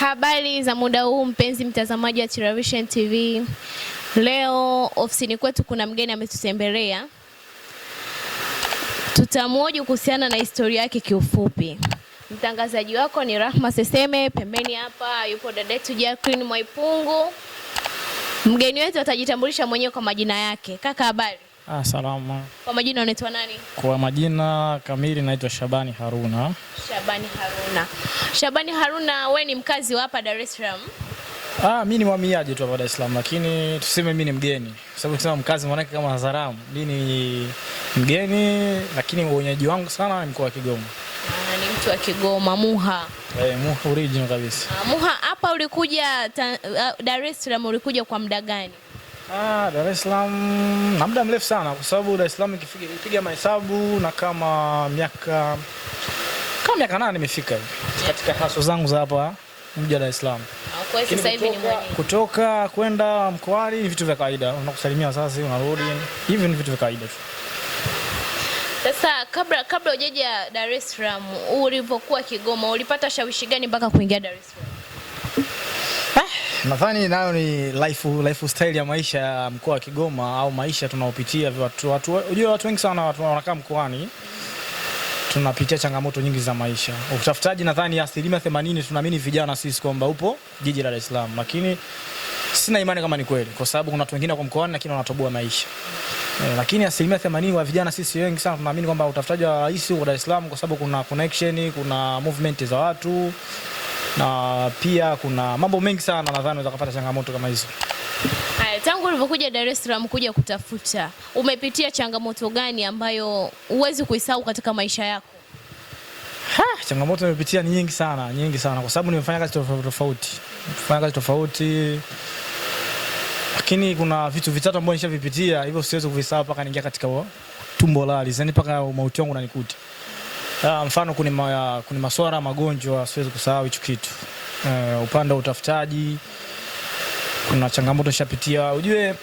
Habari za muda huu mpenzi mtazamaji wa Chilovision TV. Leo ofisini kwetu kuna mgeni ametutembelea, tutamwoji kuhusiana na historia yake kiufupi. Mtangazaji wako ni Rahma Seseme, pembeni hapa yupo dadetu Jacqueline Mwaipungu. Mgeni wetu atajitambulisha mwenyewe kwa majina yake. Kaka, habari? Ah, salama. Kwa majina unaitwa nani? Kwa majina kamili naitwa Shabani Haruna. Shabani Haruna. Shabani Haruna, we ni mkazi wa hapa Dar es Salaam? Ah, mimi ni mhamiaji tu hapa Dar es Salaam lakini tuseme mimi ni mgeni. Sababu kusema mkazi mwanake kama hadharamu. Mimi ni mgeni lakini wenyeji wangu sana ni mkoa wa Kigoma. Ah, ni mtu wa Kigoma, Muha. Eh, Muha original kabisa. Ah, Muha hapa ulikuja ah, Dar es Salaam ulikuja kwa muda gani? Ah, Dar es Salaam na muda mrefu sana, kwa sababu Dar es Salaam ikipiga mahesabu na kama miaka kama miaka nane imefika hivi katika haso zangu za hapa mji wa Dar es Salaam. Ah, sasa hivi ni kutoka kwenda mkoani ni vitu vya kawaida, unakusalimia wazazi, unarudi, hivi ni vitu vya kawaida tu. Sasa kabla kabla hujaja Dar es Salaam, ulipokuwa Kigoma ulipata shawishi gani mpaka kuingia Dar es Salaam? Ah. Nadhani nayo ni life, lifestyle ya maisha ya mkoa wa Kigoma au maisha tunaopitia. Watu, watu, unajua watu wengi sana watu wanakaa mkoani tunapitia changamoto nyingi za maisha. Utafutaji nadhani asilimia themanini tunaamini vijana sisi kwamba upo jiji la Dar es Salaam, lakini sina imani kama ni kweli, kwa sababu kuna watu wengine kwa mkoani lakini wanatoboa maisha e, lakini asilimia themanini wa vijana sisi wengi sana tunaamini kwamba utafutaji wa rahisi huko Dar es Salaam, kwa sababu kuna connection, kuna movement za watu na pia kuna mambo mengi sana nadhani unaweza kupata changamoto kama hizo. Haya, tangu ulivyokuja Dar es Salaam kuja kutafuta, umepitia changamoto gani ambayo huwezi kuisahau katika maisha yako? Ha, changamoto nimepitia ni nyingi sana, nyingi sana kwa sababu nimefanya kazi tofauti tofauti. Nimefanya kazi tofauti. Lakini kuna vitu vitatu ambavyo nishavipitia, hivyo siwezi kuvisahau mpaka niingia katika tumbo la alizani mpaka mauti yangu unanikuta. Uh, mfano kuna ma, kuna masuala magonjwa siwezi kusahau hicho kitu. Uh, upande wa utafutaji kuna changamoto nishapitia. Ujue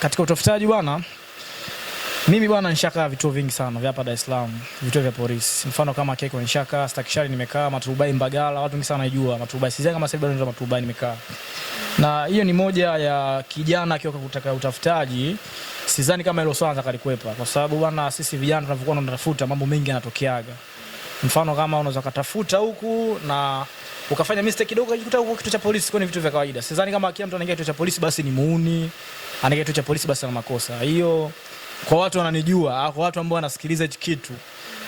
katika utafutaji bwana, mimi bwana nishaka vituo vingi sana vya hapa Dar es Salaam, vituo vya polisi. Mfano kama Keko nishaka, Stakishari nimekaa, Maturubai Mbagala, watu wengi sana wanajua Maturubai. Sijui kama sasa bado ndio Maturubai nimekaa. Na hiyo ni moja ya kijana akiwa kutaka utafutaji sidhani kama hilo swala atakalikuepa, kwa sababu bwana, sisi vijana tunavyokuwa tunatafuta mambo mengi yanatokeaga. Mfano kama unaweza katafuta huku na ukafanya mistake kidogo ukajikuta huko kitu cha polisi, ni vitu vya kawaida. Sidhani kama kila mtu anaingia kitu cha polisi basi ni muuni, anaingia kitu cha polisi basi ana makosa. Hiyo kwa watu wananijua, au kwa watu ambao wanasikiliza hichi kitu,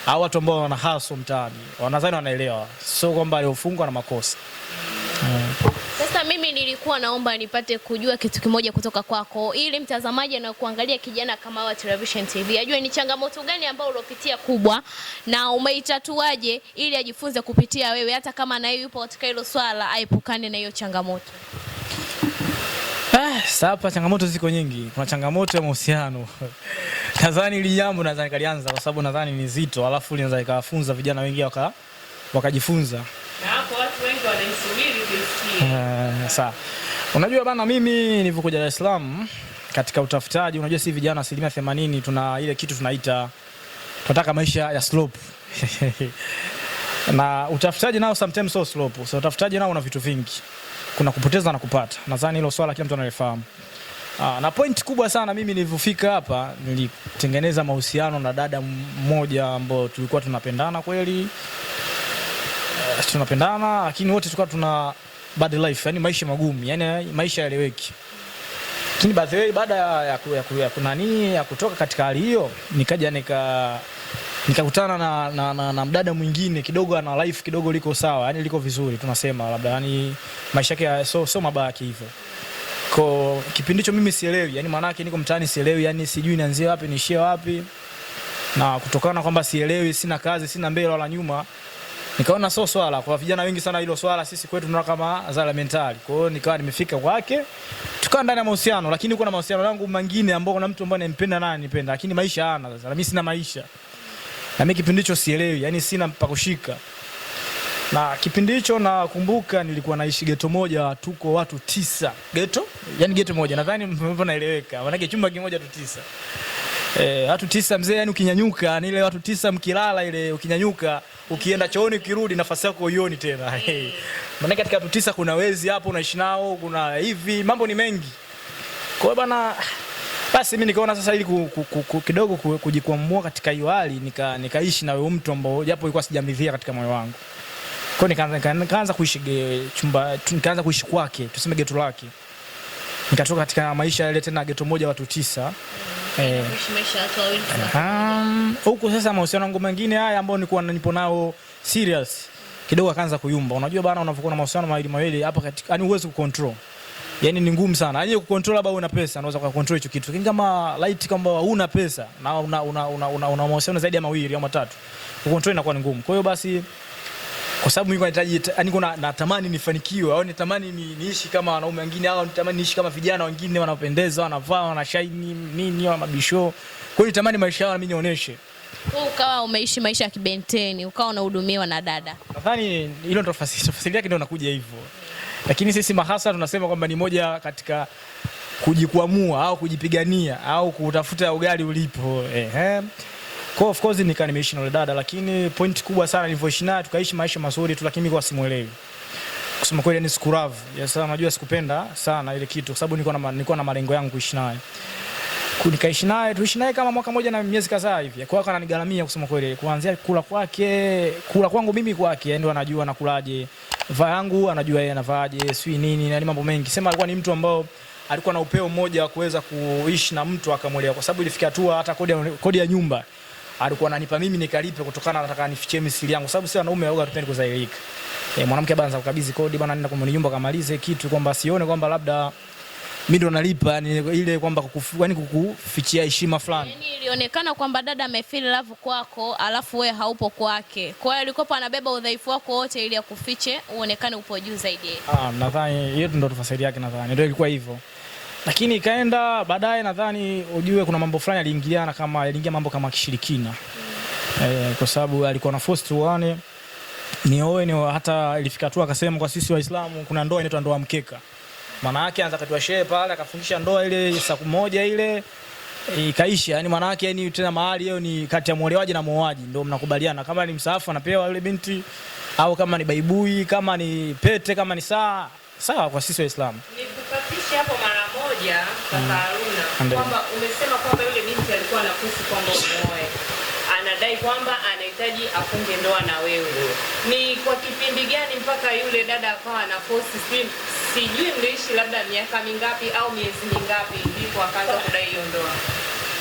au watu ambao wanahaso mtaani, wanadhani wanaelewa, sio kwamba aliofungwa na makosa. Sasa mimi nilikuwa naomba nipate kujua kitu kimoja kutoka kwako, ili mtazamaji anakuangalia kijana kama wa Television TV ajue ni changamoto gani ambayo ulopitia kubwa na umeitatuaje, ili ajifunze kupitia wewe, hata kama na yeye yupo katika hilo swala aepukane na hiyo changamoto. Ah, sasa changamoto ziko nyingi. Kuna changamoto ya mahusiano nadhani hili jambo nadhani kalianza kwa sababu nadhani ni zito, alafu linaweza likawafunza vijana wengi wakajifunza waka Eh, sawa. Unajua bana, mimi nilivyokuja Dar es Salaam katika utafutaji, unajua si vijana asilimia themanini tuna ile kitu tunaita tunataka maisha ya slope na utafutaji nao sometimes so slope. So utafutaji nao una vitu vingi, kuna kupoteza na kupata. Nadhani hilo swala kila mtu analifahamu. Ah, na point kubwa sana mimi nilivyofika hapa nilitengeneza mahusiano na dada mmoja ambao tulikuwa tunapendana kweli tunapendana lakini wote tulikuwa tuna bad life, yani maisha magumu, yani maisha yaeleweki. Lakini by the way, baada ya ya kunani ya kutoka katika hali hiyo, nikaja nika nikakutana na, na, na, na mdada mwingine kidogo ana life kidogo liko sawa, yani liko vizuri tunasema, labda yani maisha yake so, so mabaya hivyo. Kwa kipindi hicho mimi sielewi, yani maana yake niko mtaani sielewi, yani sijui nianzie wapi niishie wapi, na kutokana kwamba sielewi, sina kazi, sina mbele wala nyuma Nikaona sio swala kwa vijana wengi sana hilo swala, sisi kwetu tunaona kama za la mentali. Kwa hiyo nikawa nimefika kwake, tukawa ndani ya mahusiano, lakini uko na mahusiano yangu mengine ambao kuna mtu ambaye anampenda naye anipenda, lakini maisha hana. Sasa na mimi sina maisha, na mimi kipindi hicho sielewi, yani sina pa kushika. Na kipindi hicho nakumbuka nilikuwa naishi geto moja, tuko watu tisa geto, yani geto moja, nadhani mmeona naeleweka, maana chumba kimoja tu tisa. Eh, watu tisa mzee, yani ukinyanyuka ni ile watu tisa mkilala ile ukinyanyuka ukienda chooni ukirudi nafasi yako uioni tena. Maana katika watu tisa kuna wezi hapo unaishi nao, kuna hivi mambo ni mengi. Kwa hiyo bana basi mimi nikaona sasa ili ku, ku, ku, ku, kidogo ku, kujikwamua katika hiyo hali nika nikaishi na wewe mtu ambao japo ilikuwa sijamidhia katika moyo wangu. Kwa hiyo nikaanza nikaanza kuishi chumba nikaanza kuishi kwake, tuseme geto lake. Nikatoka katika maisha yale tena geto moja watu tisa. Eh. Um, huku eh. sasa mahusiano yangu mengine haya ambayo nilikuwa nipo nao serious kidogo akaanza kuyumba. Unajua bana, unapokuwa na mahusiano mawili mawili hapa katika, yani huwezi kucontrol, yani ni ngumu sana, yani kucontrol, labda una pesa unaweza kucontrol hicho kitu, lakini kama light, kama una pesa na una una una, una, una mahusiano zaidi ya mawili au matatu, kucontrol inakuwa ni ngumu. Kwa hiyo basi kwa sababu mimi nahitaji, yani kuna natamani nifanikiwe au nitamani ni, niishi kama wanaume wengine au nitamani niishi kama vijana wengine wanapendeza, wanavaa, wanashaini nini, wana mabisho. Kwa hiyo nitamani maisha yao na mimi nionyeshe. Wewe ukawa umeishi maisha ya kibenteni, ukawa unahudumiwa na dada. Nadhani hilo ndio tafsiri yake ndio nakuja hivyo. Lakini sisi mahasa tunasema kwamba ni moja katika kujikwamua au kujipigania au kutafuta ugali ulipo. Ehe. Kwa of course nika nimeishi na dada, lakini point kubwa sana nilivyoishi naye tukaishi maisha mazuri tu, lakini kwa simuelewi. Kusema kweli ni sikuravu. sasa najua sikupenda sana ile kitu kwa sababu nilikuwa na nilikuwa na malengo yangu kuishi naye. Nikaishi naye tuishi naye kama mwaka mmoja na miezi kadhaa hivi. Kwa hiyo ananigaramia kusema kweli, kuanzia kula kwake, kula kwangu mimi kwake, ndio anajua nakulaje. Vaa yangu anajua yeye anavaaje, sijui nini na mambo mengi. Sema alikuwa ni mtu ambao alikuwa na upeo mmoja wa kuweza kuishi na mtu akamwelewa, kwa sababu ilifikia tu hata kodi ya, kodi ya nyumba alikuwa ananipa mimi nikalipe, kutokana nataka nifichie misili yangu, sababu si wanaume waoga tupendi kuzairika. E, mwanamke bwana kukabidhi kodi bwana, nenda mwenye nyumba kamalize kitu, kwamba sione kwamba labda mimi ndo nalipa, yani ile kwamba yani kukufichia heshima fulani. Yani ilionekana kwamba dada amefeel love kwako, alafu wewe haupo kwake, kwa hiyo alikuwa anabeba udhaifu wako wote ili akufiche uonekane upo juu zaidi. Ah, nadhani hiyo ndo tofauti yake, nadhani ndio ilikuwa hivyo lakini ikaenda baadaye, nadhani ujue kuna mambo fulani aliingiliana kama aliingia mambo kama kishirikina e, kwa sababu alikuwa na force tuane nioe ni hata ilifika tu akasema kwa sisi Waislamu kuna ndoa inaitwa ndoa mkeka. Maana yake anza katiwa shehe pale akafundisha ndoa ile saa moja ile ikaisha. Yani maana yake yani tena mahali hiyo ni kati ya muolewaji na muoaji ndio mnakubaliana kama ni msaafu anapewa yule binti au kama ni baibui kama ni pete kama ni saa sawa kwa sisi Waislamu. Nikukatisha hapo mara moja kaka mm. Haruna mm. kwamba umesema kwamba yule binti alikuwa anakufu kwamba umoe, anadai kwamba anahitaji afunge ndoa na wewe. Mm. Ni kwa kipindi gani mpaka yule dada akawa anaposti si, Sijui mliishi labda miaka mingapi au miezi mingapi ndipo akaanza kudai hiyo ndoa?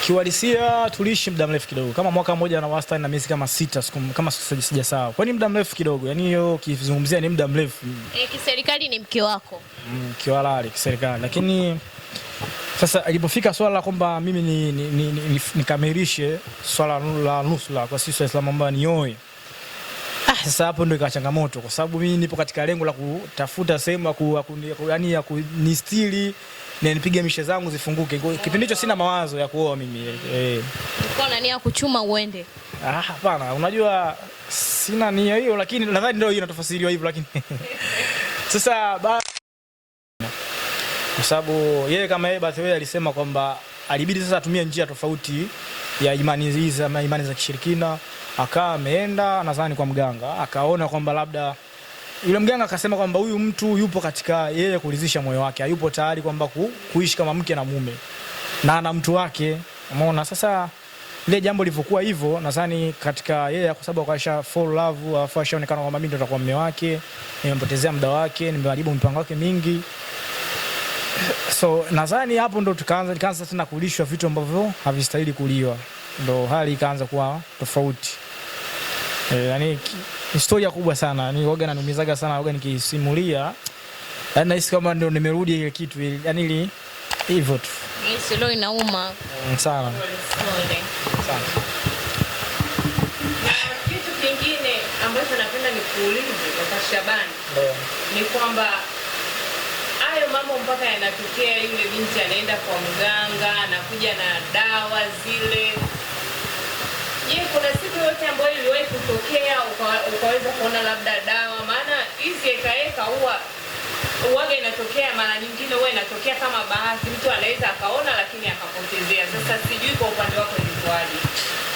Kiwalisia tuliishi muda mrefu kidogo, kama mwaka mmoja na wastani na miezi kama sita, kama sija sawa. Kwa nini muda mrefu kidogo, Yaani hiyo kizungumzia ni muda mrefu. E, kiserikali ni mke wako mm, kihalali kiserikali, lakini sasa alipofika swala la kwamba mimi nikamilishe ni, ni, ni, ni swala la nusura kwa sisi Waislamu ambao nioe ah, sasa hapo ndio ikawa changamoto, kwa sababu mimi nipo katika lengo la kutafuta sehemu ya yaani ya kunistiri na nipige mishe zangu zifunguke. Kipindi hicho sina mawazo ya kuoa mimi. Eh. Ulikuwa eh. kuchuma uende? Ah, hapana. Unajua sina nia hiyo, lakini nadhani ndio hiyo inatafasiriwa hivyo, lakini sasa ba... kwa sababu yeye kama yeye Bathwey alisema kwamba alibidi sasa atumie njia tofauti ya imani hizi, imani za kishirikina. Akaa ameenda nadhani kwa mganga, akaona kwamba labda yule mganga akasema kwamba huyu mtu yupo katika yeye kuridhisha moyo wake, hayupo tayari kwamba ku, kuishi kama mke na mume na ana mtu wake. Umeona sasa ile jambo lilivyokuwa hivyo, nadhani katika yeye, kwa sababu akasha fall love, alafu ashaonekana kwamba mimi ndo nitakuwa mume wake, nimempotezea muda wake, nimeharibu mipango yake mingi. So nadhani hapo ndo tukaanza tukaanza tena kulishwa vitu ambavyo havistahili kuliwa, ndo hali ikaanza kuwa tofauti e, eh, yani historia kubwa sana, ni waga nanumizaga sana waga nikisimulia, yani eh, nahisi kama ndio nimerudi ile kitu ile, yani ile hivyo tu, leo inauma mm, sana sana. Kitu kingine ambacho napenda nikuulize kwa Shabani ni kwamba hayo mambo mpaka yanatokea, yule binti anaenda kwa mganga na kutokea ukaweza kuona labda dawa, maana hizi ekaeka huwa uwaga inatokea mara nyingine, huwa inatokea kama bahati, mtu anaweza akaona lakini akapotezea. Sasa sijui kwa upande wako ilikuwaje?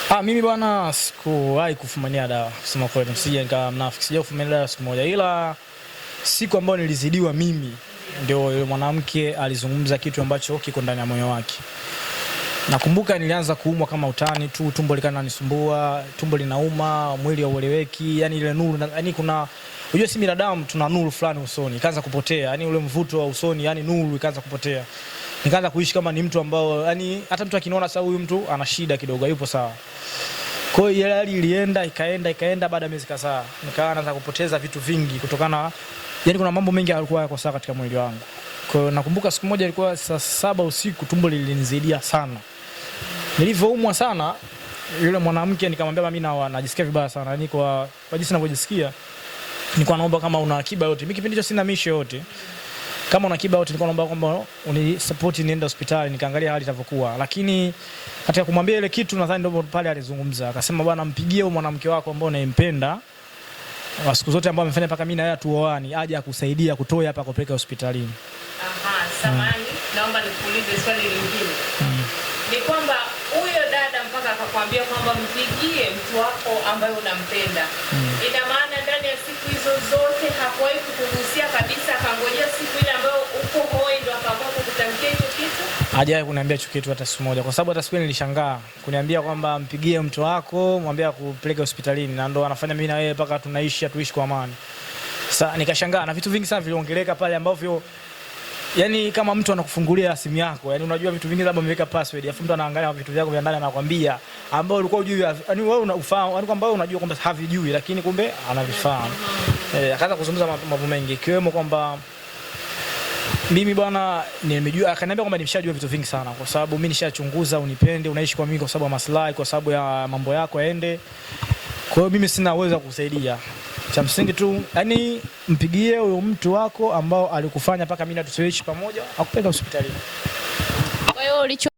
Ah, mimi bwana sikuwahi kufumania dawa kusema kweli, msije nikawa mnafiki, sija kufumania dawa siku moja, ila siku ambayo nilizidiwa mimi ndio yule mwanamke alizungumza kitu ambacho kiko ndani ya moyo wake. Nakumbuka nilianza kuumwa kama utani tu, tumbo likana linanisumbua, tumbo linauma, mwili haueleweki, yani ile nuru, yani kuna unajua, si binadamu tuna nuru fulani usoni, ikaanza kupotea, yani ule mvuto wa usoni, yani nuru ikaanza kupotea. Nikaanza kuishi kama ni mtu ambao, yani hata mtu akiniona sasa, huyu mtu ana shida kidogo, yupo sawa. Kwa hiyo ile hali ilienda ikaenda ikaenda, baada ya miezi kadhaa nikaanza naanza kupoteza vitu vingi kutokana, yani kuna mambo mengi yalikuwa yako sawa katika mwili wangu. Kwa hiyo nakumbuka siku moja ilikuwa saa saba usiku, tumbo lilinizidia sana Nilivyoumwa sana yule mwanamke nikamwambia, mimi na najisikia vibaya sana yani, kwa kwa jinsi ninavyojisikia, nilikuwa naomba kama una akiba yote. Mimi kipindi hicho sina misho yote, kama una akiba yote, nilikuwa naomba kwamba unisupport niende hospitali nikaangalia hali itavyokuwa. Lakini katika kumwambia ile kitu, nadhani ndio pale alizungumza, akasema, bwana, mpigie huyo mwanamke wako ambaye unampenda wa siku zote ambao amefanya mpaka mimi na yeye tuoani aje akusaidia kutoa hapa kupeleka hospitalini. Aha, samani, naomba nikuulize swali lingine. Mm. Ni kwamba mpaka akakwambia kwamba mpigie mtu wako ambaye unampenda mm. Ina maana ndani ya siku hizo zote hakuwahi kukugusia kabisa, akangojea siku ile ambayo uko hoi ndo akaamua kukutamkia hicho kitu? Hajawahi kuniambia hicho kitu hata siku moja, kwa sababu hata siku ile nilishangaa kuniambia kwamba mpigie mtu wako, mwambie akupeleke hospitalini, na ndo anafanya mimi na wewe mpaka tunaishi, hatuishi kwa amani. Sasa nikashangaa na vitu vingi sana viliongeleka pale ambavyo yani kama mtu anakufungulia simu yako, yani unajua vitu vingi, labda umeweka password, afu mtu anaangalia vitu vyako vya ndani, anakwambia ambao ulikuwa hujui, yani wewe unafahamu, yani kwamba wewe unajua kwamba havijui, lakini kumbe anavifahamu. Eh, akaanza kuzungumza mambo mengi ikiwemo kwamba mimi bwana, nimejua akaniambia kwamba nimeshajua vitu vingi sana, kwa sababu mimi nishachunguza, unipende, unaishi kwa mimi kwa sababu ya maslahi, kwa sababu ya mambo yako yaende. Kwa hiyo mimi sina uwezo wa kukusaidia cha msingi tu yani, mpigie huyo mtu wako ambao alikufanya mpaka mimi na tusiishi pamoja, akupeleka hospitalini. Kwa hiyo licho